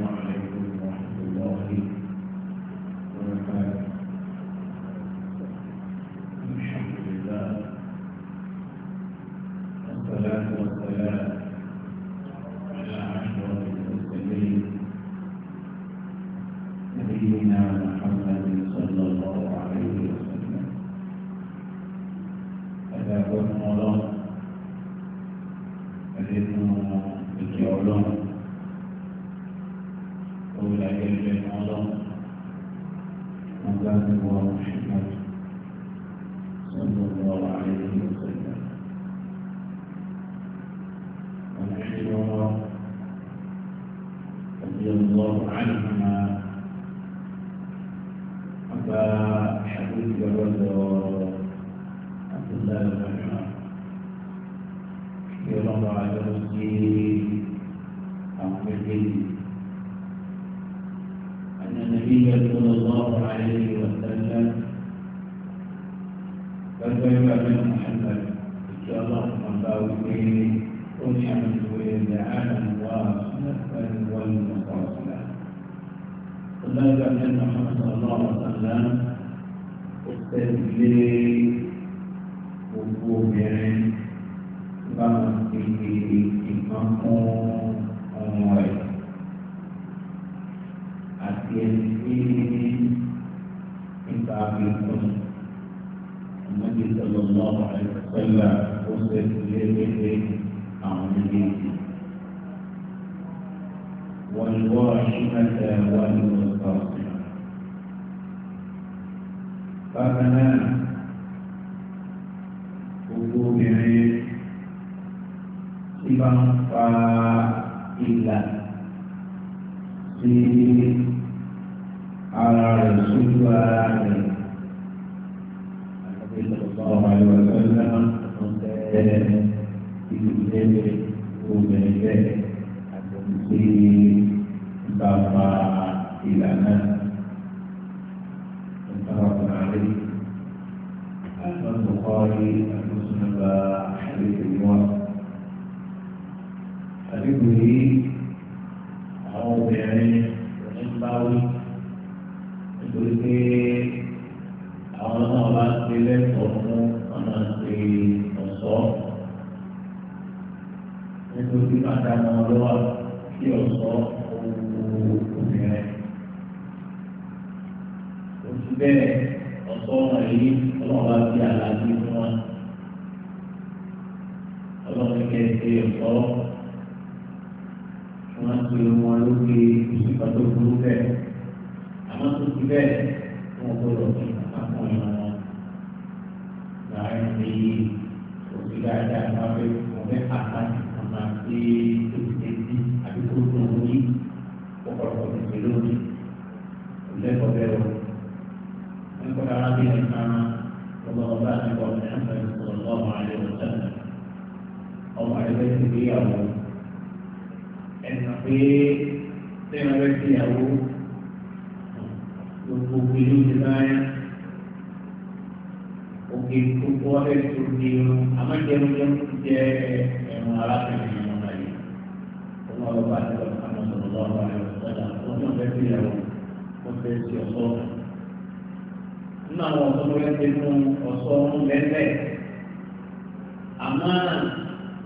السلام عليكم ولا علم العظم مدام ومحمد صلى الله عليه وسلم ونحن رضي الله عنه bẹ́ẹ̀ bẹ́ẹ̀ Muhammad ìjọ ọlọ́run bá wí pé ó ní àwọn ìwé ilẹ̀ àdàmúwá nípẹ́ni wọ́n ní ọ̀pọ̀ ọ̀sùnlá. Ọlọ́gbà bẹ́ẹ̀ Muhammad ọlọ́run ọ̀sánlá ó tẹ̀lé gbogbo obìnrin bá wọn fi ìkan fún ọmọ rẹ̀ àti ẹni tí nípa fi kún un. النبي صلى الله عليه وسلم وصف ليه عن البيت والواشمة والمستعصمة فكما وجوده صفة فإلا في على رسول الله sallallahu alaihi wasallam ọ̀sẹ̀ ìdílé obìnrin bẹ́ẹ̀ àti ìgbàgbà ìlànà. bẹ́ẹ̀ ọ̀sọ́ wọn yìí ọlọ́run bá fi àlàyé fún wa ọlọ́run kẹ́ ẹ ṣe ọ̀sọ́ wọn pe wọn lókè ìṣèkọ́ tó burú bẹ́ẹ̀ àmọ́ tó ti bẹ́ẹ̀ wọn gbọ́dọ̀ fi àpapọ̀ ìran wọn láàárín ní òsì dáadáa wọn fẹ́ wọn fẹ́ àpá هذه الإمامة وضربات محمد صلى الله عليه وسلم أو على بيت دياره إن في سنة بيت دياره يقبلون الماء وكيف قوة التركيون أما جنو جنو جاء مراكب من المالي وضربات محمد صلى الله عليه وسلم وضربات دياره وضربات دياره nínú àwọn ọ̀sán tó fẹ́ ṣe fún ọ̀sọ́ ọ̀hún lẹ́sẹ̀ àmọ́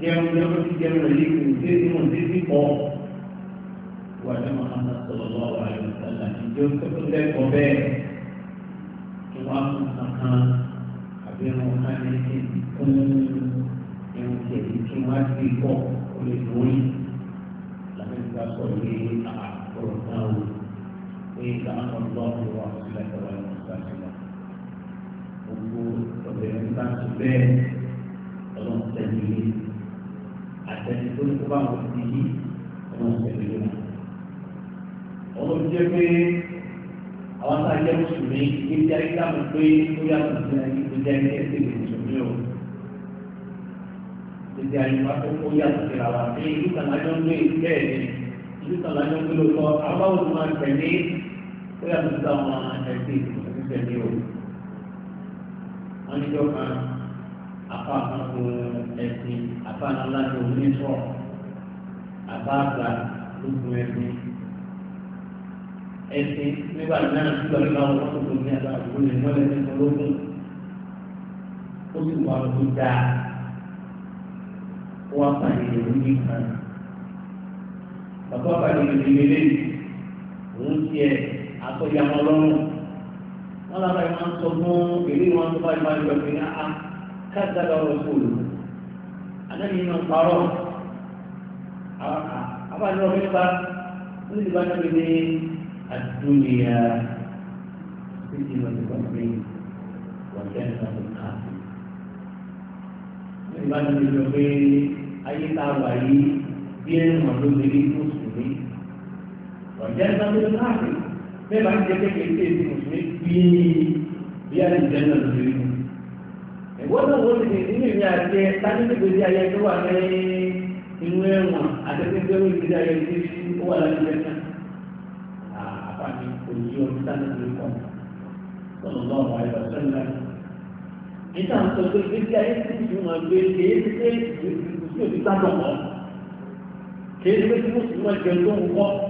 jẹun jẹun ti jẹun rẹ̀ yìí kò sí ìmọ̀ sí ti pọ̀ wà ní Muhammad sọlọ́lọ́ àwọn àyọ̀sálà ìjọ tó lẹ́kọ̀ọ́ bẹ́ẹ̀ kí wọ́n á fún kankan àbí wọn ká ní kí fún ẹ̀wọ̀n tiẹ̀ yìí kí wọ́n á ti pọ̀ kó lè lórí làbẹ́ńgbà sọ̀rọ̀ ní àkọ́rọ̀ náà wò pé ìgbà àwọn ọlọ́run wà sílẹ̀ tọ́lá ìmọ̀ sílẹ̀ gbogbo obìnrin bá ti bẹ́ẹ̀ ọlọ́run tẹ̀lé yé àtẹ̀lé tó ní kó bá wọn ti yí ọlọ́run tẹ̀lé yé wọn. ọlọ́run jẹ́ pé àwọn tá a jẹ́ mùsùlùmí ní ti ayé dáhùn pé ó yàtọ̀ sí ayé tó jẹ́ ẹgbẹ́ ẹgbẹ́ mùsùlùmí o. Ìdí ayé wa tó kó yàtọ̀ sí ara pé ìlú kàlájọ́ ń gbé bẹ́ẹ̀ ni ìlú kàlájọ́ ń gbé lóko àbáwò tó máa tẹ̀lé ó yàtọ̀ sí àwọn ẹgbẹ́ ìgbìmọ̀ wọ́n jọ kan afa kan fún ẹ̀sìn afa ńlá tó ní sọ afa àgbà ló fún ẹ̀sìn ẹ̀sìn nígbà náà tí wọ́n bá wọn tó tó ní àgbà àgbà lè mọ́ ẹ̀sìn kan lókun ó sì wà lóko dáa ó wá pàdé ìlú ní kan bàbá pàdé ìlú ní ilé òun tiẹ̀ akọ́jà mọ́ wọ́n lára ẹ̀ máa ń sọ fún èlé wọn tó bá ìbá ìjọ pé náà káàdà lọ́rọ̀ fóònù àdáni iná parọ́ àbájọ nípa ní ìbá náà ní àdúnyà títí wọn ti wọn pé wọn jẹ́ nípa tó ká ní ìbá náà ní ìjọ pé ayé tá wà yìí bí ẹ̀rọ ló lè rí fún sùn ní wọn jẹ́ nípa tó ká sí mẹ́ta ń jẹ́ kékeré tí èdè mùsùlùmí bí bí a ti jẹ́ náà lórí mi. ìwọ́n náà wọ́n ti di nínú ìrìn àti ẹ tájú ní gbèsè ayẹ tó wà ní inú ẹ̀wọ̀n àtẹ́gbẹ́gbẹ́ ló gbèsè ayẹ tí ó wà láti jẹ́ náà. àpàtì òyìnbí ọdún tájú ní kọ́ sọ̀rọ̀ náà wà ẹ̀rọ sẹ́ńdà. níta ń sọ pé gbèsè ayé tí ìṣúná gbé kéé ti dé ìṣúná gbàgbọ́ kọ́ kéé ti dé tí mùsùlùmí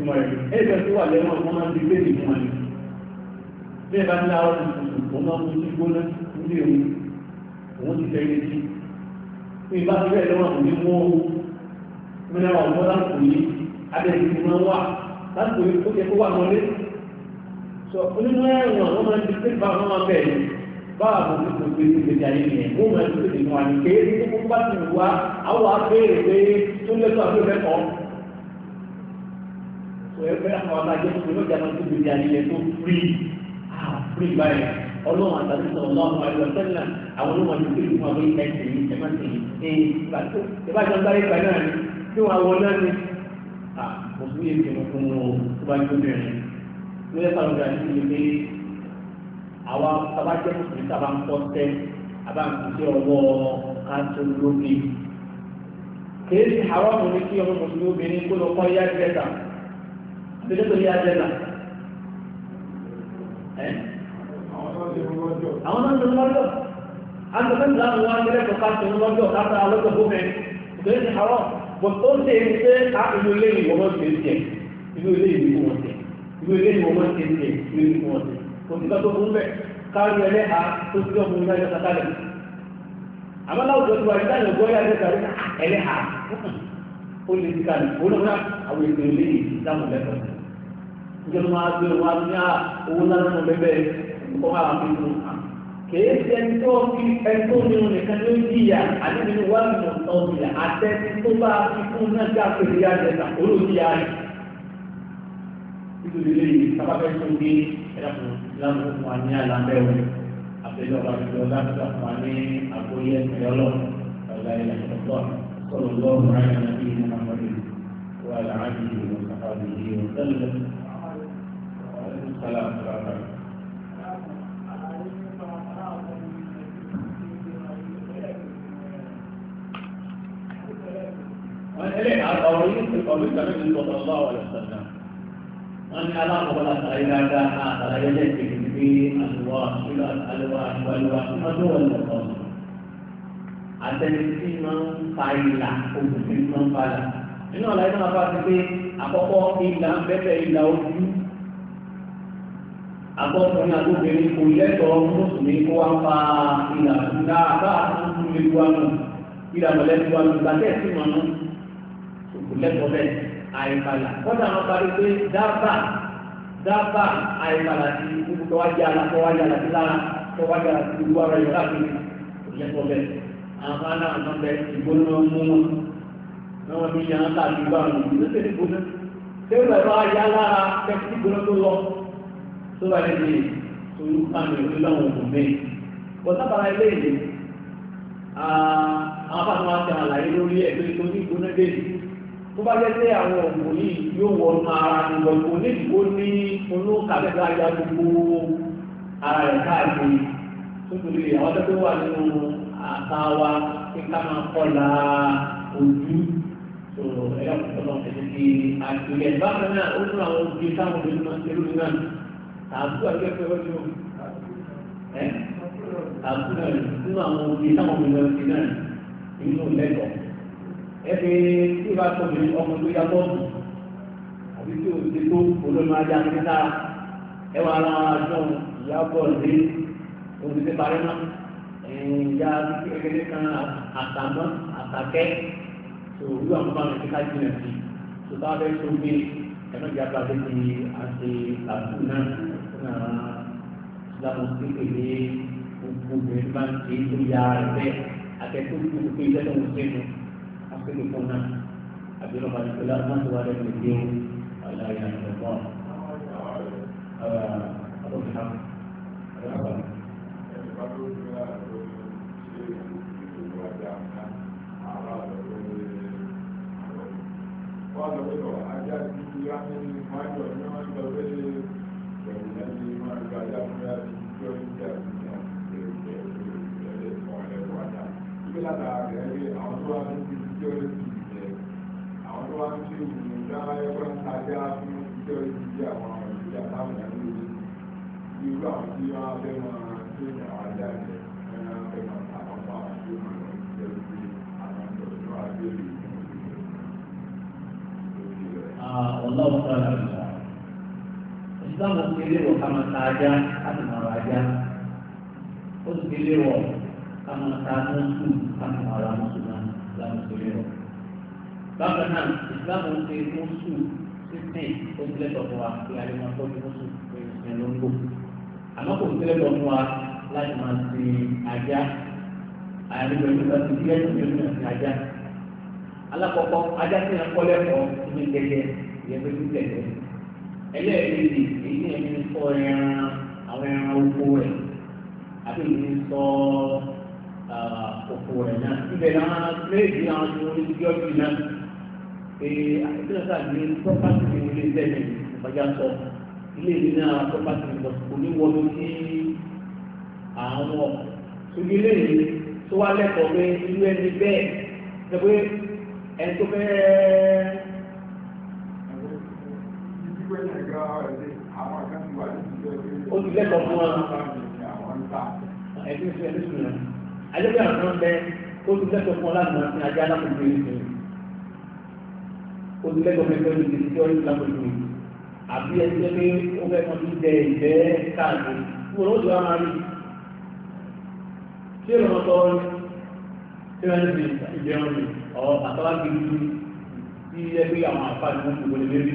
ìmọ̀ rẹ̀ ẹ̀jẹ̀ tó wà lẹ́wọ̀n wọn máa ń di pé nìkan ni bí ẹ bá ní láwọn tuntun wọn máa ń mú sí gbóná nílé òun òun ti tẹ ilé sí bí ìbá ti bẹ́ẹ̀ lọ́wọ́ kò ní mú owó mẹ́ta wà wọ́n láti kò ní abẹ́rẹ́ ti máa wà láti kò ní kó yẹ kó wà mọ́lé sọ onímọ̀ ẹ̀wọ̀n wọn máa di pé báwọn di pé nìkan ni kéé tó kó bá ti wá àwọn abẹ́rẹ́ pé tó lẹ́tọ̀ ẹgbẹ́ àwọn alájẹ́ tó ló jẹ́ àwọn ìgbìyà ilẹ̀ tó firi firi báyìí ọlọ́run àtàlù sọ̀rọ̀ lọ́wọ́ àwọn ẹgbẹ́ sẹ́lẹ̀ àwọn olóhùn àti ìgbìyà fún àwọn ilẹ̀ ẹ̀sìn yìí ẹ̀má sí i ìbá jọ sáré gbà náà ni tí wọ́n wọ náà ni òkú yìí fi fún un tó bá jó bẹ̀rẹ̀ ló yẹ fàlùbí àti ìgbìyà pé àwa tabajẹ́ mùsùlùmí sábà ń kọ́ tẹ́ àbá ń ọmọ mi kí ọmọ mùsùlùmí obìnrin kó lọ kọ́ yá ìgbẹ́ta nítorí ajẹ́gbà àwọn náà tó lọ́jọ́ agbẹ́gbẹ́ láti wá ní ẹ̀kọ́ ká tó lọ́jọ́ látara lọ́jọ́ gómẹ̀ ìgbẹ́ ní àárọ̀ bọ̀ tó ń tẹ̀ ṣe á inú ilé ìwọ̀n ṣe ń tẹ̀ inú ilé ìwọ̀n tẹ̀ inú ilé ìwọ̀n ṣe ń tẹ̀ inú ilé ìwọ̀n tẹ̀ kò sí lọ́jọ́ fún bẹ́ẹ̀ kárí ẹlẹ́ha tó sí ọmọ ilé ẹjọ́ kátàlẹ̀ àmọ́ láwùjọ tí wàá ìdájọ́ gbọ́yà ẹlẹ́ha ó lè ti kàlẹ̀ ó lọ́wọ́ àwọn ètò ilé ìdámọ̀lẹ́kọ̀ọ́ ìjọba máa gbé wọn ní ah, owó lásán bẹ́bẹ́ ọkọ̀ máa fi mú un. kèé ṣe ẹni tó fi ẹni tó ní òun nìkan ló ń jìyà àti nínú wà nínú ọ̀gbìn àtẹ́ni tó bá fi fún un náà jáde ní àjẹsà olóòjìyà rẹ̀. nítorí lẹ́yìn sábàbẹ́ tó gbé ẹ̀dàkùn lánàá fún wa ní àlàbẹ̀wò àbẹ̀lẹ̀ ọ̀la ìjọ láti fún wa ní àgbóyè ẹ̀yọ́ lọ ọ̀la ilẹ̀ ọ̀tọ̀ صلى الله على نبينا محمد وعلى اله وصحبه وسلم السلام وإليه على الأولين في قول النبي صلى الله عليه وسلم أن علاقة ولا تغير داحة فلا يجد في ألواح إلى الألواح والواح مدوى المقام ada mesti mengkailah untuk mengkailah. Ini oleh itu apa sih? Apa kok hilang bete hilang àtọ́kùnrin àtọ́kùnrin kò lẹ́tọ̀ọ́ mùsùlùmí kó wá pa ìlà ìlà bá àtúntò lè wá nù ìlà mọ̀lẹ́bí wá nù gbàtẹ́ sí wọn nù kò lẹ́tọ̀ọ́ bẹ́ẹ̀ àìbalà kọ́dà wọn parí pé dábà dábà àìbalà ti kó wájú àlà kó wájú àlà sí lára kó wájú àlà sí ìlú ara yorùbá kiri kò lẹ́tọ̀ọ́ bẹ́ẹ̀ àwọn aláàmọ́ bẹ ìgbóná mú wọn náà wọn ní yàrá tàbí bá wọn ìgbóná tẹ̀lé gbóná tẹ́lẹ̀ lọ́wọ́ ayé alára tẹ́kí gbóná tó lọ tó bá lè ní oyún kánú ìlú lọ́wọ́ ògùn mi. bọ́tà bàbá ilé ìlú àwọn bá wọn ti àlàyé lórí ẹ̀ pé torí ìgbóná dé tó bá jẹ́ pé àwọn ògùn yìí yóò wọnú ara nìgbọ̀ ìgbò onídìbò ní onú kàbẹ́bẹ́ ajá gbogbo ara rẹ̀ káàkiri tó torí tó wà nínú àtàwà kí ká máa kọ́la ojú tó ẹ̀yà ọ̀pọ̀lọpọ̀ ẹ̀jẹ̀ kí àgbègbè bákan náà ó tún àwọn ojú táwọn obìnrin máa ń ṣe àbú àgbẹ̀ pé ó dúró ẹ́ àbú náà nínú àwọn òbí táwọn ọmọ ìlú náà nínú lẹ́kọ̀ọ́ ẹbí tí ìbá tóbi ọmọ tó yá bọ́ọ̀lù àbí tí o ti tó olómi ajá ní sára ẹ wà ara àjọ ìyá bọ́ọ̀lù dé omi ti parí náà ìyá kékeré kan àtàmọ́ àtàkẹ́ òwúrò àwọn bá mi kíkà jìnnà sí i tó bá fẹ́ tó gbé ẹ̀mẹ́jì abájẹ́ àbúrò náà láwọn kékeré ní gbogbo obìnrin máa ń ṣe é tó ya rẹ̀ bẹ́ẹ̀ akẹ́kọ̀ọ́ tó kó iṣẹ́ tó ń ṣe nu akẹ́kọ̀ọ́ fún náà àbí lọ́ba ní pẹ̀lú àwọn tó wà lẹ́nu ìdí o ọ̀làyà ìjọba ọ̀làyà Wọ́n lọ sí ọ̀rọ̀ ajá sí ìyá nínú ìmọ̀ àjọ ní wọ́n lọ sí Ọlọ́run sára nìyà ìsìláàmù ti lé wọ ká máa ta ajá láti máa ra ajá ó sì ti lé wọ ká máa ta mọ́tò láti máa ra mọ́tò náà ìsìláàmù ti lé wọ. bákan náà ìsìláàmù ti mọ́tò sísìn ó ti lẹ́tọ̀ fún wa kí alẹ́ máa tọ́jú mọ́tò pé ìsìn ló ń bò àmọ́ kò sí lẹ́tọ̀ fún wa láti máa ti ajá àyàlẹ́gbẹ̀ẹ́ nípa ti bí ẹ̀sìn ló ń yàn ajá alákọ̀ọ́kọ́ ajá ti yàn kọ́lẹ́kọ̀ọ́ ní gẹ́gẹ́ ìyẹn pé ní ẹlẹ́ẹ̀kejì èyí ni ẹni sọ ẹran àwọn ẹran oko rẹ̀ àbí èyí ni sọ oko rẹ̀ náà ibẹ̀ náà méjì náà ti wọlé sí ọdún náà ee àìsílẹ̀ sáà ní pọ́pátì ní ilé iṣẹ́ mi ìfọjá sọ ilé ìlú náà pọ́pátì ní oníwọ́dún sí àwọn sojúlé yìí tó wá lẹ́kọ̀ọ́ pé irú ẹni bẹ́ẹ̀ ṣe pé ẹni tó fẹ́ẹ́ ó ti lẹ́kọ̀ọ́ fún wa ẹ̀dín sí ẹ̀dín sí rẹ̀ ajẹ́bí àwọn kan bẹ ó ti lẹ́kọ̀ọ́ fún wa láti máa fi ajá alákòókò yìí sí ó ti lẹ́kọ̀ọ́ fún ẹgbẹ́ yìí sí ọ̀rẹ́ ìlàkòókò yìí àbí ẹni tó ní ó fẹ́ kan ti jẹ ìgbẹ́ káàkiri fún wọn ó ti wá máa rí tí èèyàn tọ́ tí wọ́n ti ìjẹun ọ̀ àtàwọn gbèdúgbò tí ẹgbẹ́ àwọn àfáà ní wọ́n ti wọlé lórí.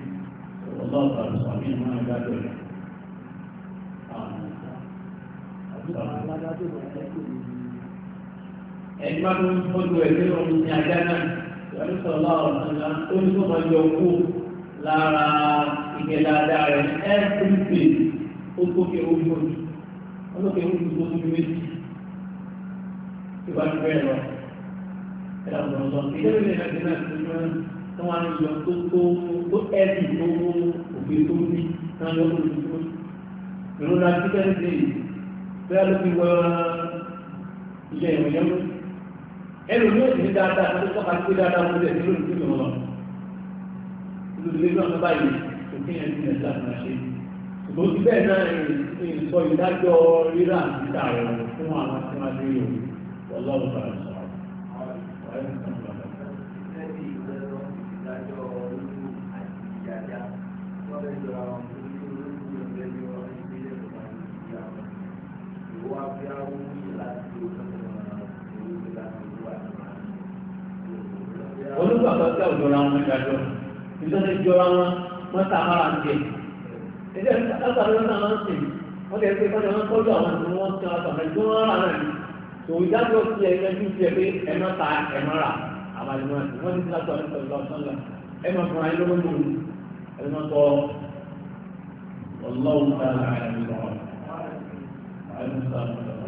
الله تعالى صحيح ما عباده ẹni máa ń fojú ẹgbẹ́ ọdún ní ajá náà ìwádìí sọ̀rọ̀ láwọn ọ̀sán náà ó ní kó máa yọ owó lára ìgbẹ́ dáadáa rẹ̀ ní ẹ́ẹ́dẹ́gbẹ́ ó tókè ojú ojú ó tókè ojú tó tóbi méjì ìwádìí bẹ́ẹ̀ lọ ẹ̀dá ọ̀sán ìdẹ́gbẹ́ náà ti náà ti máa ń tí wọ́n á yọ tó tó tó ẹ̀bì tó wó òfin tó ní tí wọ́n yọ tó ní tó. ìrora tíkẹ́ǹtì bẹ́ẹ̀ ló fi wọ ilé ìwé yẹn mú. ẹnu ní òsì ní dáadáa tó tọ́ka sí dáadáa mú bẹ́ẹ̀ nílò nítorí wọn. olùdílé náà ló báyìí òfin yẹn ti nàìjíríà máa ṣe. ṣùgbọ́n ti bẹ́ẹ̀ náà ìsọ ìdájọ́ rírà àti ìta fún àwọn tí wọ́n á lè yọ̀ wọ́n lọ́wọ́ olùkọ́ àgbàgbà òjòra wọn ìdájọ́ ìdájọ́ ìjọra wọn wọ́n ta ara ń jẹ ẹjẹ́ látàrí wọn náà ń sìn wọ́n lè pe fọ́nà wọn tọ́jú àwọn ìlú wọn tẹ àtàwọn ìjọ wọn rà náà ni tò ìdájọ́ ti ẹ̀ ẹjú ti ẹ̀ pé ẹ àwọn ìlú wọn ti wọ́n ti látọ̀ ẹ̀ tọ́jú àwọn sọ́nà ẹ má fún ayélujára المطار والله تعالى على المطار وعلى المطار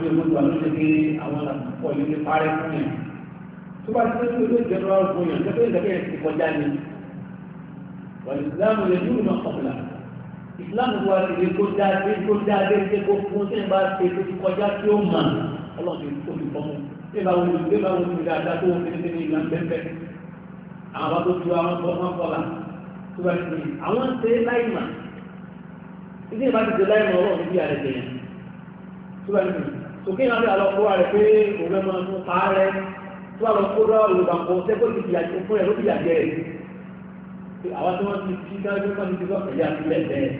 bí olóògbà ló ṣe pé àwọn àkókò yìí ti parẹ́ fún yẹn tó bá ti tó ló jẹ́ lọ́wọ́ fún yẹn tó bẹ́ẹ̀ lẹ́kẹ̀ẹ́ ti kọjá ni wàlú ìsìlámù lè dúró náà kọ̀ọ̀lá ìsìlámù wa ti lè kó dáadé kó dáadé ṣe kó fún tí ẹ bá ṣe tó ti kọjá tí ó mà ọlọ́run ti kó fi fọ́mù tí ẹ bá wọlé tí ẹ bá wọlé tí dáadáa tó wọn fẹ́ẹ́ ní ìlànà pẹ́pẹ́ àwọn tó tu àwọn tó wọn kọ́lá tó bá ti àwọn ń ṣe láì mà ìdí ìbá ti ṣe láì bí òkè náà lọ kó wa rẹ pé òun ẹ̀ máa mú pa rẹ tó wà lọ kó lọ olùdàpọ̀ sẹ́kọ̀ ti fìyà jẹ fún ẹ̀ ló fìyà jẹ rẹ̀ àwọn tí wọ́n ti fi dájú wọn ti fi sọ ẹ̀yà sílẹ̀ bẹ́ẹ̀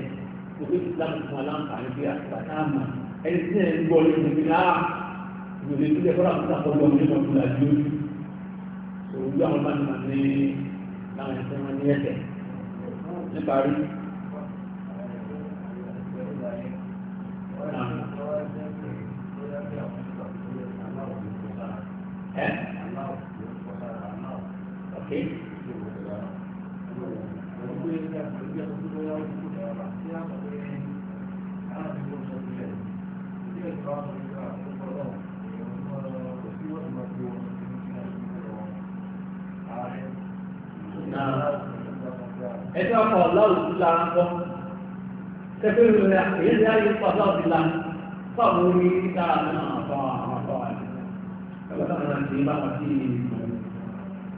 òkè islam fún wa láǹfààní pé àtàtà àmà ẹni tí ẹ̀ ń gbọ́ ní ìlú náà ìròyìn ìdílé kọ́lá fún àkọ́jọ́ ní ọdún àjò òwúrọ̀ àwọn bá ní wọn ní láwọn ẹ̀sẹ̀ wọn ní ẹ̀sẹ̀ níparí kọ́ ọ̀láwù sí lára ńkọ́ tẹ́fẹ́ rẹ̀ èyí ni ayé kọ́ ọ̀láwù sí lára fáwọn orí dára náà fọ́ àwọn afọ́ àti ẹgbẹ́ táwọn náà ti bá wọn sí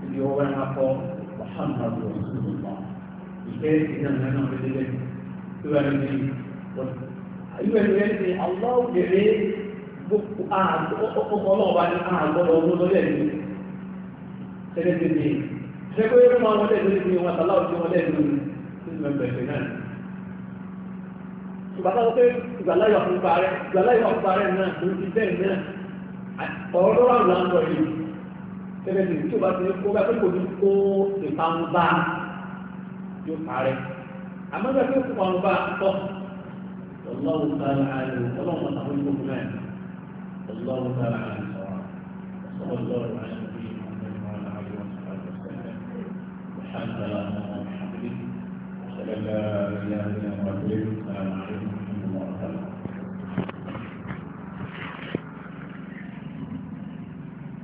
ibi ọwọ́ ẹ̀ máa kọ́ wàhálà lọ sí ìgbà ìfẹ́ ìdáná náà fi délé ìwé ẹni ní ìwé ẹni ní ẹni aláwù kéré gbogbo ọlọ́ọ̀bá ní mọ̀ pẹ̀sẹ̀ náà ìgbàláwọ pé ìgbàláyọ̀ fún parẹ́ ìgbàláyọ̀ fún parẹ́ náà ló ti bẹ́ẹ̀ náà ọ̀rọ̀ àwọn àgbọ̀ yìí tẹ́lẹ̀ tí tí o bá ti kó bá pé kò ní kó ìpamọ́ bá yóò parẹ́ àmọ́ bá pé kó ìpamọ́ bá tọ́ ọlọ́wọ́ sára àlè ọlọ́wọ́ sára àlè ọlọ́wọ́ sára àlè ọlọ́wọ́ sára àlè sọ̀rọ̀ ọlọ́wọ́ sára àlè ọlọ́wọ́ sára àlè Alhamdulillah, Alhamdulillah, Alhamdulillah, Alhamdulillah, Alhamdulillah, Alhamdulillah,